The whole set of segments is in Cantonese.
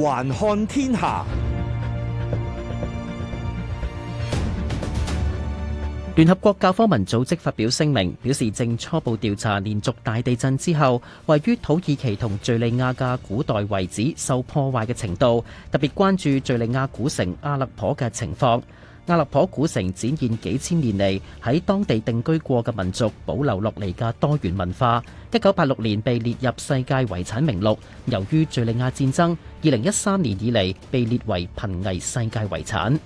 環看天下。聯合國教科文組織發表聲明，表示正初步調查連續大地震之後，位於土耳其同敘利亞嘅古代遺址受破壞嘅程度，特別關注敘利亞古城阿勒頗嘅情況。阿勒頗古城展現幾千年嚟喺當地定居過嘅民族保留落嚟嘅多元文化。一九八六年被列入世界遺產名錄，由於敘利亞戰爭，二零一三年以嚟被列為瀕危世界遺產。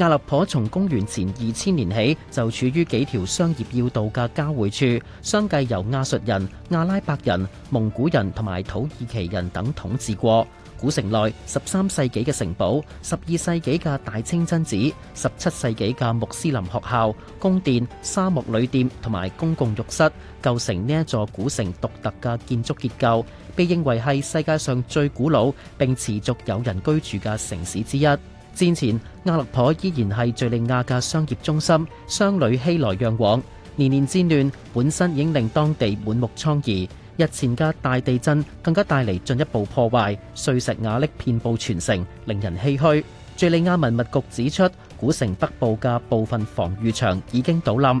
阿勒頗從公元前二千年起就處於幾條商業要道嘅交匯處，相繼由亞述人、阿拉伯人、蒙古人同埋土耳其人等統治過。古城內十三世紀嘅城堡、十二世紀嘅大清真寺、十七世紀嘅穆斯林學校、宮殿、沙漠旅店同埋公共浴室，構成呢一座古城獨特嘅建築結構，被認為係世界上最古老並持續有人居住嘅城市之一。戰前，阿勒頗依然係敘利亞嘅商業中心，商旅熙來攘往。年年戰亂本身已經令當地滿目瘡痍，日前嘅大地震更加帶嚟進一步破壞，碎石瓦礫遍布全城，令人唏噓。敘利亞文物局指出，古城北部嘅部分防禦牆已經倒冧。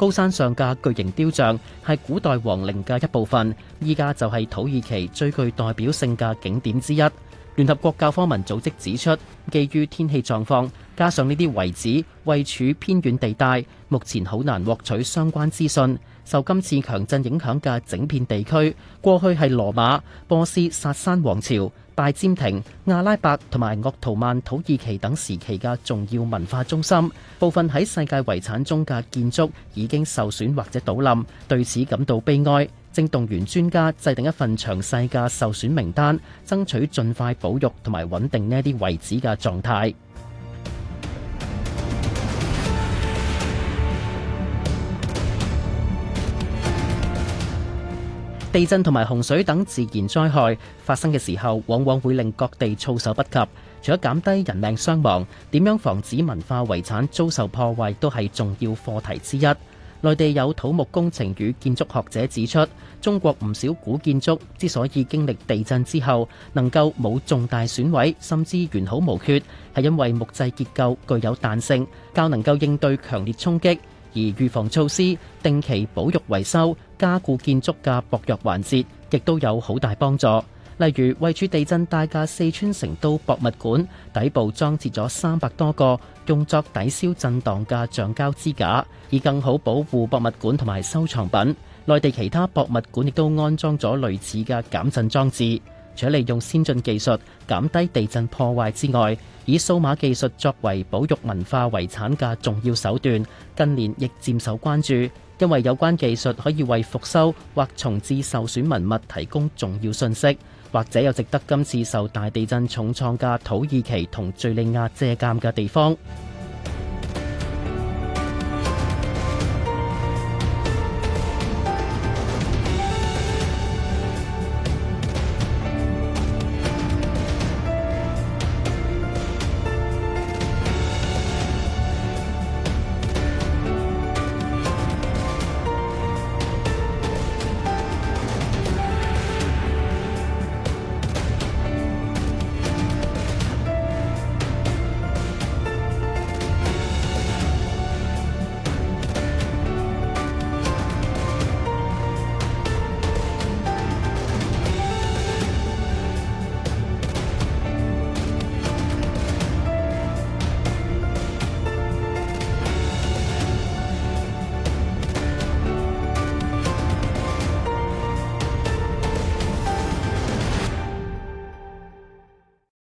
高山上嘅巨型雕像係古代皇陵嘅一部分，依家就係土耳其最具代表性嘅景點之一。聯合國教科文組織指出，基於天氣狀況。加上呢啲遺址位處偏遠地帶，目前好難獲取相關資訊。受今次強震影響嘅整片地區，過去係羅馬、波斯、薩珊王朝、拜占庭、阿拉伯同埋鄂圖曼土耳其等時期嘅重要文化中心。部分喺世界遺產中嘅建築已經受損或者倒冧，對此感到悲哀。正動員專家制定一份詳細嘅受損名單，爭取盡快保育同埋穩定呢啲遺址嘅狀態。地震同埋洪水等自然災害發生嘅時候，往往會令各地措手不及。除咗減低人命傷亡，點樣防止文化遺產遭受破壞都係重要課題之一。內地有土木工程與建築學者指出，中國唔少古建築之所以經歷地震之後能夠冇重大損毀，甚至完好無缺，係因為木製結構具有彈性，較能夠應對強烈衝擊。而預防措施，定期保育維修。加固建築嘅薄弱環節，亦都有好大幫助。例如，位處地震帶嘅四川成都博物館，底部裝置咗三百多個用作抵消震盪嘅橡膠支架，以更好保護博物館同埋收藏品。內地其他博物館亦都安裝咗類似嘅減震裝置，除利用先進技術減低地震破壞之外。以數碼技術作為保育文化遺產嘅重要手段，近年亦漸受關注，因為有關技術可以為復修或重置受損文物提供重要信息，或者有值得今次受大地震重創嘅土耳其同敘利亞借鑒嘅地方。